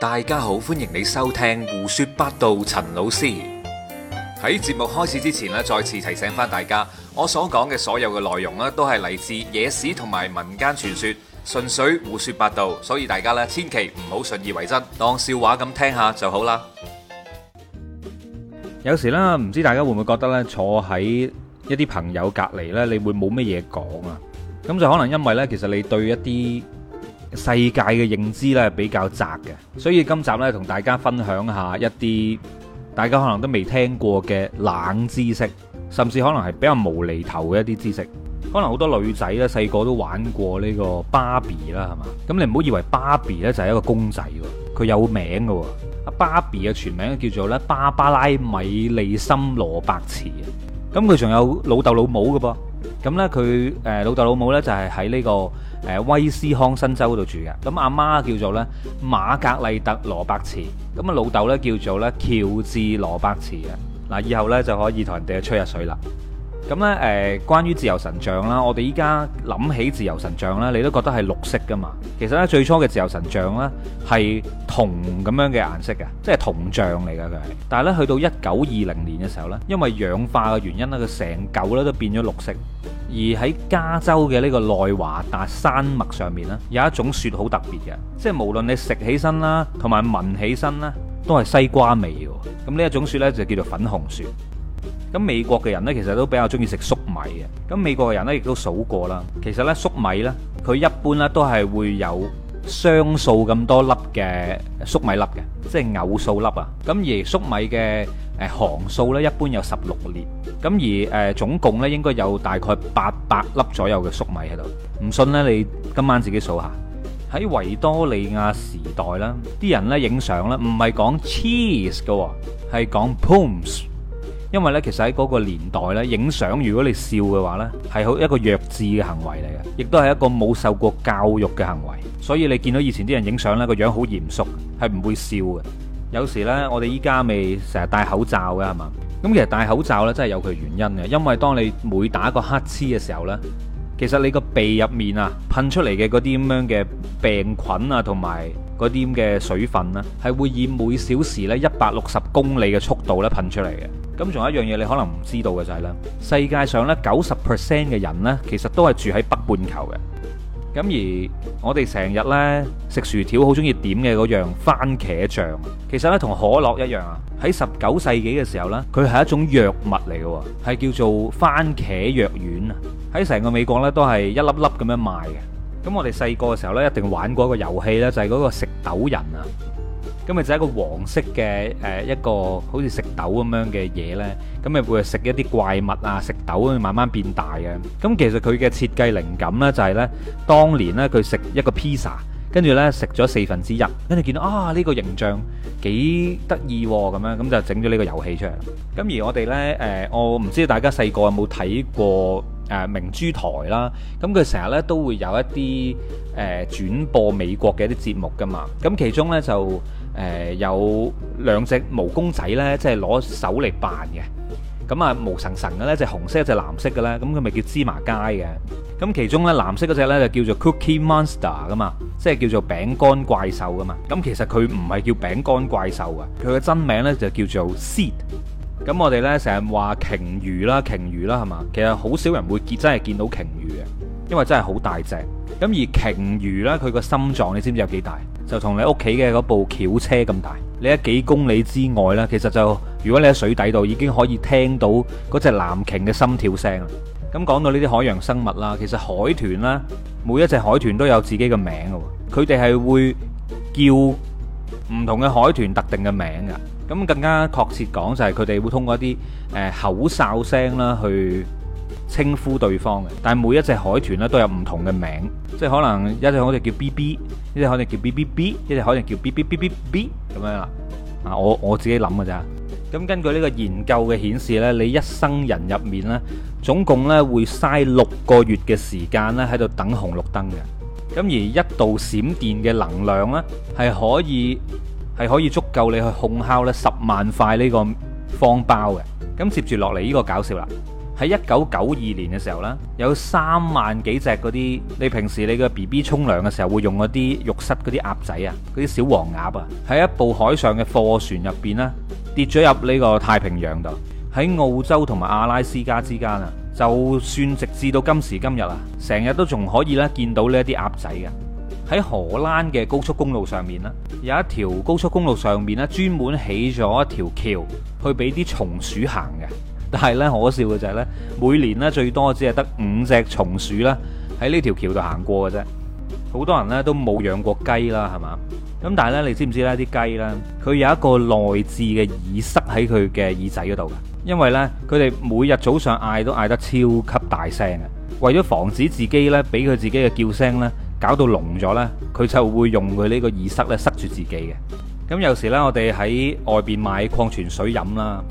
大家好，歡迎你收聽胡說八道。陳老師喺節目開始之前咧，再次提醒翻大家，我所講嘅所有嘅內容咧，都係嚟自野史同埋民間傳說，純粹胡說八道，所以大家咧千祈唔好信以為真，當笑話咁聽下就好啦。有時咧，唔知大家會唔會覺得咧，坐喺一啲朋友隔籬咧，你會冇乜嘢講啊？咁就可能因為咧，其實你對一啲。世界嘅認知咧，比較窄嘅，所以今集咧，同大家分享下一啲大家可能都未聽過嘅冷知識，甚至可能係比較無厘頭嘅一啲知識。可能好多女仔咧，細個都玩過呢個芭比啦，係嘛？咁你唔好以為芭比咧，就係一個公仔喎，佢有名嘅喎。阿芭比嘅全名叫做咧，芭芭拉米利森羅伯茨，咁佢仲有老豆老母嘅噃。咁呢，佢誒、呃、老豆老母呢就係喺呢個誒、呃、威斯康新州度住嘅，咁阿媽叫做呢瑪格麗特羅伯茨，咁、嗯、啊老豆呢叫做呢喬治羅伯茨嘅，嗱、嗯、以後呢，就可以同人哋吹下水啦。咁咧，誒，關於自由神像啦，我哋依家諗起自由神像咧，你都覺得係綠色噶嘛？其實咧，最初嘅自由神像呢，係銅咁樣嘅顏色嘅，即係銅像嚟嘅佢係。但係咧，去到一九二零年嘅時候呢，因為氧化嘅原因咧，佢成嚿咧都變咗綠色。而喺加州嘅呢個內華達山脈上面呢，有一種雪好特別嘅，即係無論你食起身啦，同埋聞起身啦，都係西瓜味嘅。咁呢一種雪呢，就叫做粉紅雪。咁美國嘅人咧，其實都比較中意食粟米嘅。咁美國嘅人咧，亦都數過啦。其實咧，粟米咧，佢一般咧都係會有雙數咁多粒嘅粟米粒嘅，即係偶數粒啊。咁而粟米嘅誒行數咧，一般有十六列。咁而誒總共咧，應該有大概八百粒左右嘅粟米喺度。唔信咧，你今晚自己數下。喺維多利亞時代啦，啲人咧影相咧，唔係講 cheese 嘅，係講 poems。因為呢，其實喺嗰個年代呢，影相如果你笑嘅話呢，係好一個弱智嘅行為嚟嘅，亦都係一個冇受過教育嘅行為。所以你見到以前啲人影相呢個樣好嚴肅，係唔會笑嘅。有時呢，我哋依家咪成日戴口罩㗎係嘛？咁其實戴口罩呢，真係有佢原因嘅，因為當你每打一個乞嗤嘅時候呢，其實你個鼻入面啊噴出嚟嘅嗰啲咁樣嘅病菌啊，同埋嗰啲咁嘅水分咧，係會以每小時呢一百六十公里嘅速度咧噴出嚟嘅。咁仲有一樣嘢你可能唔知道嘅就係咧，世界上咧九十 percent 嘅人呢，其實都係住喺北半球嘅。咁而我哋成日呢，食薯條好中意點嘅嗰樣番茄醬，其實呢，同可樂一樣啊。喺十九世紀嘅時候呢，佢係一種藥物嚟嘅喎，係叫做番茄藥丸啊。喺成個美國呢，都係一粒粒咁樣賣嘅。咁我哋細個嘅時候呢，一定玩過一個遊戲呢，就係嗰個食豆人啊。咁咪就係一個黃色嘅誒，一個好似食豆咁樣嘅嘢呢。咁咪會食一啲怪物啊，食豆慢慢變大嘅。咁其實佢嘅設計靈感呢，就係呢：當年呢，佢食一個披薩，跟住呢，食咗四分之一，跟住見到啊，呢個形象幾得意喎，咁樣咁就整咗呢個遊戲出嚟。咁而我哋呢，誒，我唔知大家細個有冇睇過。誒明珠台啦，咁佢成日咧都會有一啲誒、呃、轉播美國嘅一啲節目噶嘛，咁其中咧就誒、呃、有兩隻毛公仔咧，即係攞手嚟扮嘅，咁啊毛神神嘅咧，隻紅色一隻藍色嘅咧，咁佢咪叫芝麻街嘅，咁其中咧藍色嗰隻咧就叫做 Cookie Monster 噶嘛，即係叫做餅乾怪獸噶嘛，咁其實佢唔係叫餅乾怪獸啊，佢嘅真名咧就叫做 Sid。咁我哋呢，成日話鯨魚啦，鯨魚啦，係嘛？其實好少人會見，真係見到鯨魚嘅，因為真係好大隻。咁而鯨魚呢，佢個心臟你知唔知有幾大？就同你屋企嘅嗰部轎車咁大。你喺幾公里之外呢，其實就如果你喺水底度，已經可以聽到嗰隻藍鯨嘅心跳聲啦。咁講到呢啲海洋生物啦，其實海豚啦，每一隻海豚都有自己嘅名嘅，佢哋係會叫唔同嘅海豚特定嘅名㗎。咁更加確切講就係佢哋會通過一啲誒口哨聲啦，去稱呼對方嘅。但係每一隻海豚咧都有唔同嘅名，即係可能一隻可能叫 B B，一隻可能叫 B B B，一隻可能叫 B B B B B 咁樣啦。啊，我我自己諗嘅咋。咁根據呢個研究嘅顯示咧，你一生人入面咧總共咧會嘥六個月嘅時間咧喺度等紅綠燈嘅。咁而一道閃電嘅能量咧係可以。係可以足夠你去烘烤咧十萬塊呢個方包嘅，咁、嗯、接住落嚟呢個搞笑啦！喺一九九二年嘅時候啦，有三萬幾隻嗰啲你平時你個 B B 沖涼嘅時候會用嗰啲浴室嗰啲鴨仔啊，嗰啲小黃鴨啊，喺一部海上嘅貨船入邊咧跌咗入呢個太平洋度，喺澳洲同埋阿拉斯加之間啊，就算直至到今時今日啊，成日都仲可以咧見到呢啲鴨仔嘅。喺荷蘭嘅高速公路上面啦，有一條高速公路上面咧，專門起咗一條橋去俾啲松鼠行嘅。但係咧，可笑嘅就係咧，每年咧最多只係得五隻松鼠啦，喺呢條橋度行過嘅啫。好多人咧都冇養過雞啦，係嘛？咁但係咧，你知唔知咧啲雞咧，佢有一個內置嘅耳塞喺佢嘅耳仔嗰度嘅，因為咧佢哋每日早上嗌都嗌得超級大聲嘅，為咗防止自己咧俾佢自己嘅叫聲咧。搞到濃咗呢，佢就會用佢呢個耳塞咧塞住自己嘅。咁有時呢，我哋喺外邊買礦泉水飲啦，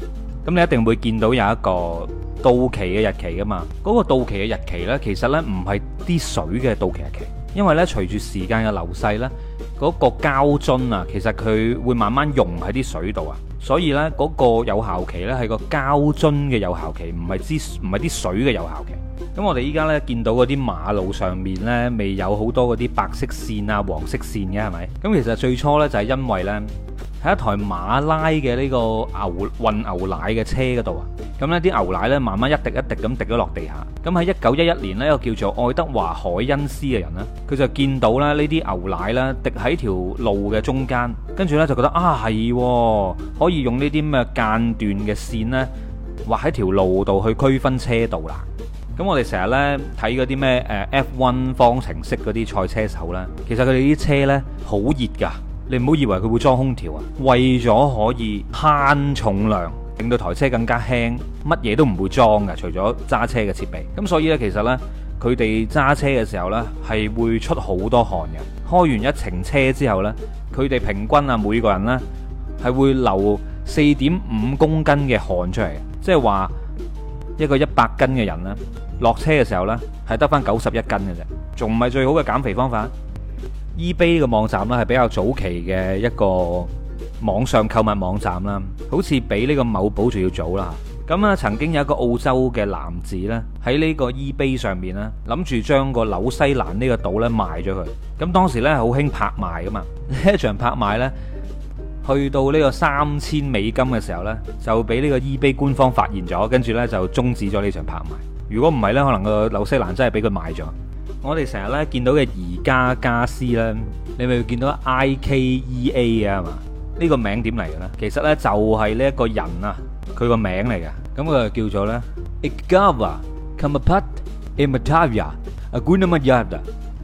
咁你一定會見到有一個到期嘅日期㗎嘛。嗰個到期嘅日期呢，其實呢唔係啲水嘅到期日期，因為呢，隨住時間嘅流逝呢，嗰個膠樽啊，其實佢會慢慢溶喺啲水度啊。所以呢，嗰、那個有效期呢係個膠樽嘅有效期，唔係支唔係啲水嘅有效期。咁我哋依家呢，見到嗰啲馬路上面呢，未有好多嗰啲白色線啊、黃色線嘅，係咪？咁其實最初呢，就係、是、因為呢。喺一台馬拉嘅呢個牛運牛奶嘅車嗰度啊，咁呢啲牛奶呢，慢慢一滴一滴咁滴咗落地下。咁喺一九一一年咧，一個叫做愛德華海恩斯嘅人咧，佢就見到咧，呢啲牛奶呢，滴喺條路嘅中間，跟住呢，就覺得啊係可以用呢啲咩間斷嘅線呢，畫喺條路度去區分車道啦。咁我哋成日呢，睇嗰啲咩誒 F1 方程式嗰啲賽車手呢，其實佢哋啲車呢，好熱㗎。你唔好以為佢會裝空調啊！為咗可以慳重量，令到台車更加輕，乜嘢都唔會裝㗎，除咗揸車嘅設備。咁所以呢，其實呢，佢哋揸車嘅時候呢，係會出好多汗嘅。開完一程車之後呢，佢哋平均啊，每個人呢，係會流四點五公斤嘅汗出嚟。即係話一個一百斤嘅人呢，落車嘅時候呢，係得返九十一斤嘅啫，仲唔係最好嘅減肥方法？eBay 嘅網站啦，係比較早期嘅一個網上購物網站啦，好似比呢個某寶仲要早啦。咁、嗯、啊，曾經有一個澳洲嘅男子咧，喺呢個 eBay 上面咧，諗住將個紐西蘭呢個島咧賣咗佢。咁、嗯、當時咧好興拍賣噶嘛，呢一場拍賣咧，去到呢個三千美金嘅時候咧，就俾呢個 eBay 官方發現咗，跟住咧就中止咗呢場拍賣。如果唔係咧，可能個紐西蘭真係俾佢賣咗。我哋成日咧見到嘅宜家傢俬咧，你咪會見到 IKEA 啊嘛？呢個名點嚟嘅咧？其實咧就係呢一個人啊，佢個名嚟嘅。咁佢就叫做咧，Egawa Kamat Yamada。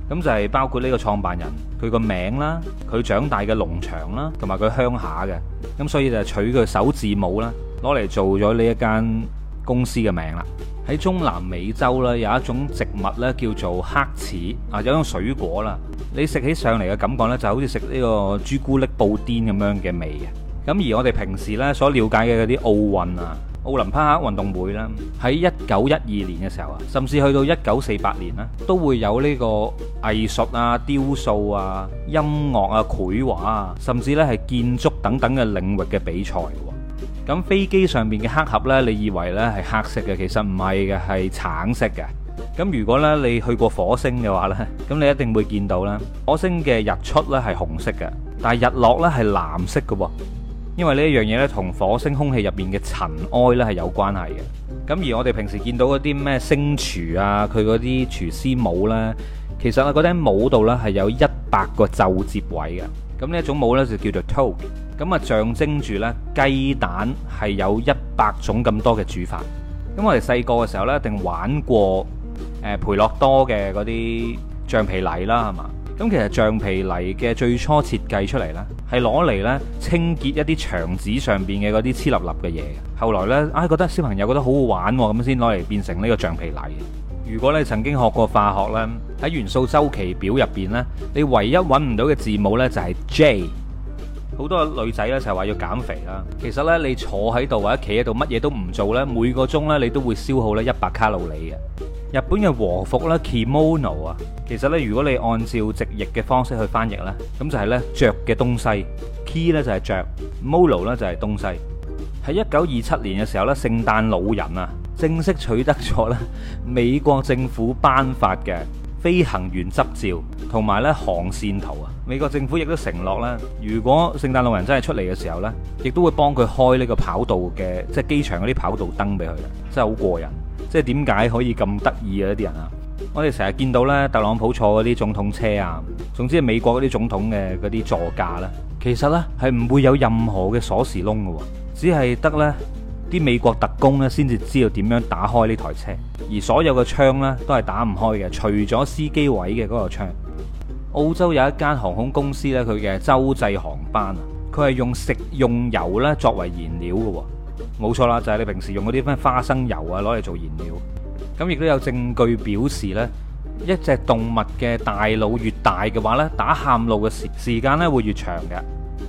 咁就係包括呢個創辦人佢個名啦，佢長大嘅農場啦，同埋佢鄉下嘅。咁所以就取佢個首字母啦，攞嚟做咗呢一間公司嘅名啦。喺中南美洲咧有一種植物咧叫做黑柿啊，有一種水果啦。你食起上嚟嘅感覺咧就好似食呢個朱古力布甸咁樣嘅味嘅。咁而我哋平時咧所了解嘅嗰啲奧運啊、奧林匹克運動會啦，喺一九一二年嘅時候啊，甚至去到一九四八年啊，都會有呢個藝術啊、雕塑啊、音樂啊、繪畫啊，甚至咧係建築等等嘅領域嘅比賽。咁飛機上面嘅黑盒呢，你以為呢係黑色嘅，其實唔係嘅，係橙色嘅。咁如果呢，你去過火星嘅話呢，咁你一定會見到啦。火星嘅日出呢係紅色嘅，但係日落呢係藍色嘅喎，因為呢一樣嘢呢同火星空氣入邊嘅塵埃呢係有關係嘅。咁而我哋平時見到嗰啲咩星廚啊，佢嗰啲廚師帽呢，其實啊嗰頂帽度呢係有一百個皺摺位嘅。咁呢一種帽呢，就叫做 toque，咁啊象徵住呢雞蛋係有一百種咁多嘅煮法。咁我哋細個嘅時候呢，一定玩過誒培樂多嘅嗰啲橡皮泥啦，係嘛？咁其實橡皮泥嘅最初設計出嚟呢，係攞嚟呢清潔一啲牆紙上邊嘅嗰啲黐立立嘅嘢。後來咧，唉覺得小朋友覺得好好玩喎，咁先攞嚟變成呢個橡皮泥。如果你曾經學過化學咧，喺元素週期表入邊咧，你唯一揾唔到嘅字母咧就係 J。好多女仔咧就係話要減肥啦。其實咧你坐喺度或者企喺度，乜嘢都唔做咧，每個鐘咧你都會消耗咧一百卡路里嘅。日本嘅和服咧，kimono 啊，其實咧如果你按照直譯嘅方式去翻譯咧，咁就係咧著嘅東西。ki 咧就係著，mono 咧就係東西。喺一九二七年嘅時候咧，聖誕老人啊。正式取得咗咧美國政府頒發嘅飛行員執照，同埋咧航線圖啊！美國政府亦都承諾啦，如果聖誕老人真係出嚟嘅時候呢，亦都會幫佢開呢個跑道嘅，即係機場嗰啲跑道燈俾佢，真係好過癮！即係點解可以咁得意啊？呢啲人啊，我哋成日見到呢，特朗普坐嗰啲總統車啊，總之係美國嗰啲總統嘅嗰啲座駕呢，其實呢係唔會有任何嘅鎖匙窿㗎喎，只係得呢。啲美國特工咧，先至知道點樣打開呢台車，而所有嘅窗咧都係打唔開嘅，除咗司機位嘅嗰個窗。澳洲有一間航空公司咧，佢嘅洲際航班啊，佢係用食用油咧作為燃料嘅，冇錯啦，就係你平時用嗰啲咩花生油啊攞嚟做燃料。咁亦都有證據表示呢，一隻動物嘅大腦越大嘅話呢，打喊路嘅時時間咧會越長嘅。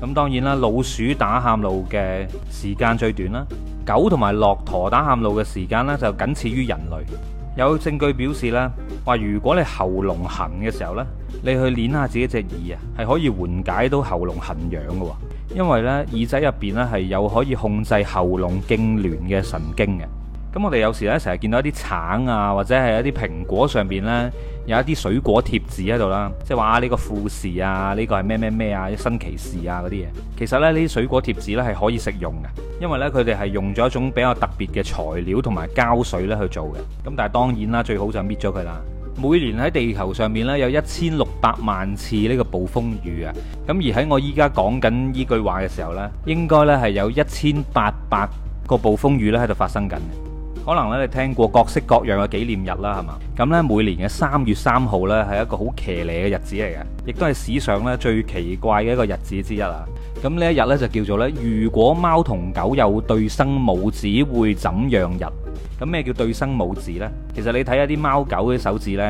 咁當然啦，老鼠打喊路嘅時間最短啦。狗同埋駱駝打喊路嘅時間咧，就僅次於人類。有證據表示咧，話如果你喉嚨痕嘅時候咧，你去捏下自己隻耳啊，係可以緩解到喉嚨痕癢嘅喎。因為咧耳仔入邊咧係有可以控制喉嚨痙攣嘅神經嘅。咁我哋有時咧，成日見到一啲橙啊，或者係一啲蘋果上邊呢，有一啲水果貼紙喺度啦，即係話呢個富士啊，呢個係咩咩咩啊，啲新奇士啊嗰啲嘢。其實咧，呢啲水果貼紙呢係可以食用嘅，因為呢，佢哋係用咗一種比較特別嘅材料同埋膠水咧去做嘅。咁但係當然啦，最好就搣咗佢啦。每年喺地球上面呢，有一千六百萬次呢個暴風雨啊。咁而喺我依家講緊呢句話嘅時候呢，應該呢係有一千八百個暴風雨呢喺度發生緊。可能咧，你聽過各式各樣嘅紀念日啦，係嘛？咁呢，每年嘅三月三號呢，係一個好騎呢嘅日子嚟嘅，亦都係史上呢最奇怪嘅一個日子之一啊！咁呢一日呢，就叫做呢：「如果貓同狗有對生拇指，會怎樣日？」咁咩叫對生拇指呢？其實你睇下啲貓狗嗰啲手指呢。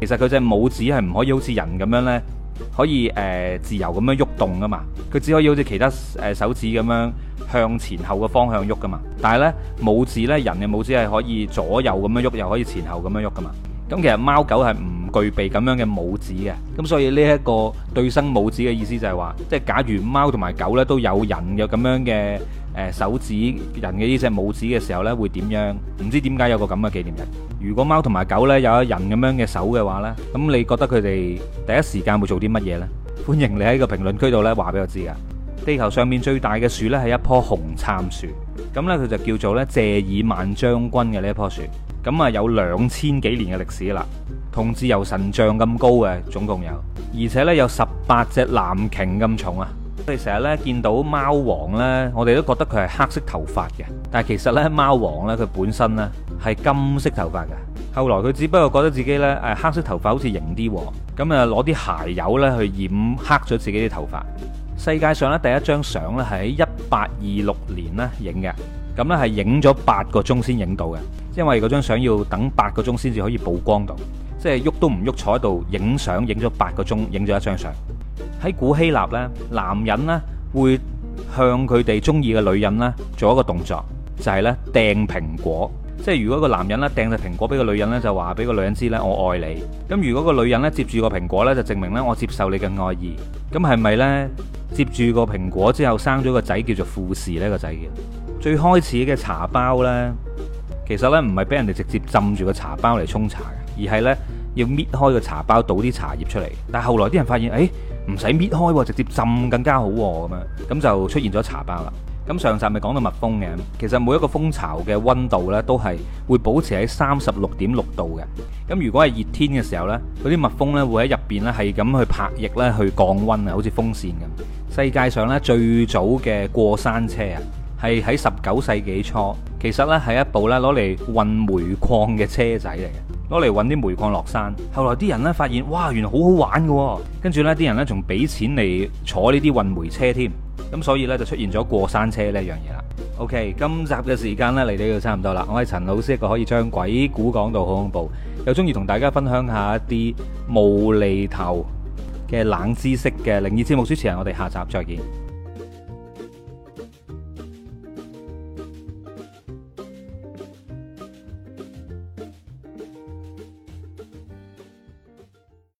其實佢隻拇指係唔可以好似人咁樣呢，可以誒、呃、自由咁樣喐動噶嘛，佢只可以好似其他誒手指咁樣向前後嘅方向喐噶嘛。但係呢，拇指呢，人嘅拇指係可以左右咁樣喐，又可以前後咁樣喐噶嘛。咁其實貓狗係唔具備咁樣嘅拇指嘅，咁所以呢一個對生拇指嘅意思就係、是、話，即係假如貓同埋狗呢都有人嘅咁樣嘅。誒手指人嘅呢隻拇指嘅時候咧，會點樣？唔知點解有個咁嘅紀念日。如果貓同埋狗咧，有一人咁樣嘅手嘅話呢，咁你覺得佢哋第一時間會做啲乜嘢呢？歡迎你喺個評論區度咧話俾我知啊！地球上面最大嘅樹呢係一棵紅杉樹，咁呢，佢就叫做咧謝爾曼將軍嘅呢一棵樹，咁啊有兩千幾年嘅歷史啦，同自由神像咁高嘅總共有，而且呢，有十八隻藍鯨咁重啊！我哋成日咧見到貓王呢，我哋都覺得佢係黑色頭髮嘅，但係其實呢，貓王呢，佢本身呢係金色頭髮嘅。後來佢只不過覺得自己呢，誒黑色頭髮好似型啲，咁啊攞啲鞋油呢去染黑咗自己啲頭髮。世界上呢，第一張相呢係喺一八二六年呢影嘅，咁呢係影咗八個鐘先影到嘅，因為嗰張相要等八個鐘先至可以曝光到，即係喐都唔喐坐喺度影相，影咗八個鐘，影咗一張相。喺古希臘呢，男人呢會向佢哋中意嘅女人呢做一個動作，就係呢掟蘋果。即係如果個男人呢掟隻蘋果俾個女人呢，就話俾個女人知呢，我愛你。咁如果個女人呢接住個蘋果呢，就證明呢我接受你嘅愛意。咁係咪呢？接住個蘋果之後生咗個仔叫做富士呢個仔嘅？最開始嘅茶包呢，其實呢唔係俾人哋直接浸住個茶包嚟沖茶嘅，而係呢要搣開個茶包倒啲茶葉出嚟。但係後來啲人發現，誒、哎。唔使搣開喎，直接浸更加好喎咁樣，咁就出現咗茶包啦。咁上集咪講到蜜蜂嘅，其實每一個蜂巢嘅溫度呢都係會保持喺三十六點六度嘅。咁如果係熱天嘅時候呢，嗰啲蜜蜂呢會喺入邊呢係咁去拍翼呢去降溫啊，好似風扇咁。世界上呢最早嘅過山車啊，係喺十九世紀初，其實呢係一部呢攞嚟運煤礦嘅車仔嚟嘅。攞嚟揾啲煤礦落山，後來啲人呢發現，哇，原來好好玩嘅，哦，跟住呢啲人呢，仲俾錢嚟坐呢啲運煤車添，咁所以呢，就出現咗過山車呢一樣嘢啦。OK，今集嘅時間呢，嚟到呢度差唔多啦，我係陳老師，一個可以將鬼故講到好恐怖，又中意同大家分享下一啲無厘頭嘅冷知識嘅靈異節目主持人，我哋下集再見。